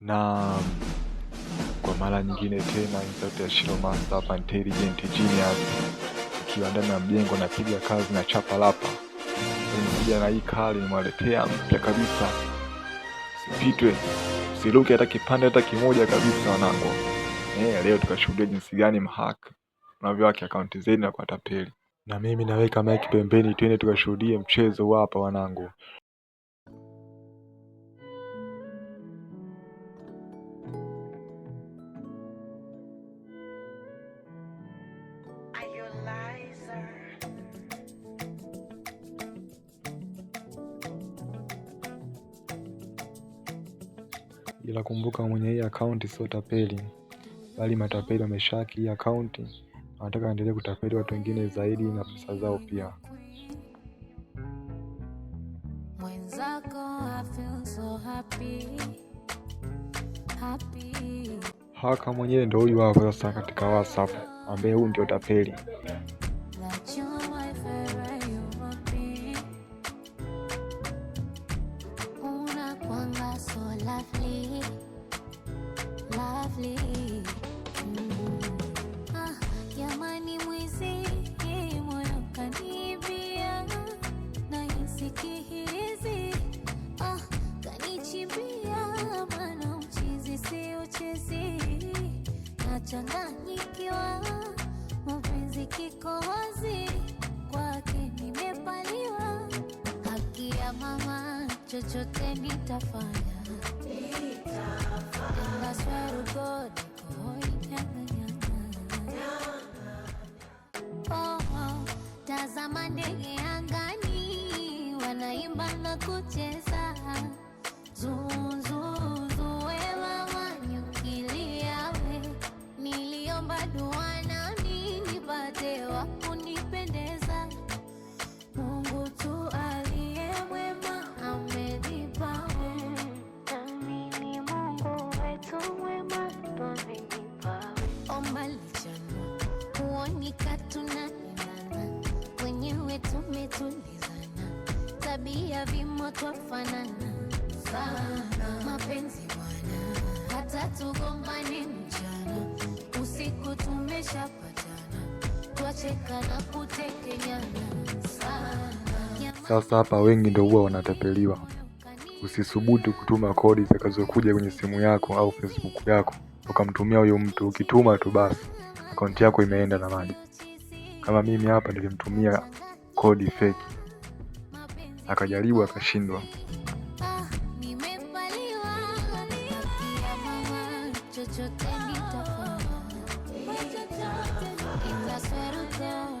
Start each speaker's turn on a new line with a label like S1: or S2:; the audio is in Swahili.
S1: na mm, kwa mara nyingine tena ni sauti ya Shilo Master hapa Intelligent Genius, ikiwa ndani ya mjengo na napiga kazi na chapa lapa. Nimekuja na hii kali, nimwaletea mpya kabisa, sipitwe, siruke hata kipande hata kimoja kabisa, wanangu. Eh, leo tukashuhudia jinsi gani mhack unavyohaki akaunti zenu na kuwatapeli, na mimi naweka mic pembeni, twende tukashuhudie mchezo hapa wanangu. Ila kumbuka mwenye hii akaunti sio tapeli, bali matapeli wameshaki hii akaunti, anataka endelee kutapeli watu wengine zaidi na pesa zao pia. Haka mwenyewe ndo huyu hapo sasa katika WhatsApp, ambaye huyu ndio tapeli. changanyikiwa, mapenzi kiko wazi kwake, nimepaliwa. Haki ya mama, chochote nitafanya, Tazama ndege angani, wanaimba na kucheza zuzu unapendeza. Mungu tu aliye mwema amenipa wenyewe tumetulizana, tabia vimo twafanana sana, mapenzi bwana, hata tugombane mchana usiku sasa hapa wengi ndio huwa wanatapeliwa. Usisubutu kutuma kodi zitakazokuja kwenye simu yako au Facebook yako ukamtumia huyo mtu. Ukituma tu basi akaunti yako imeenda na maji. Kama mimi hapa nilimtumia kodi feki, akajaribu akashindwa. Ah, down.